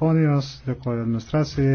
ponijos, dėkoju administracijai.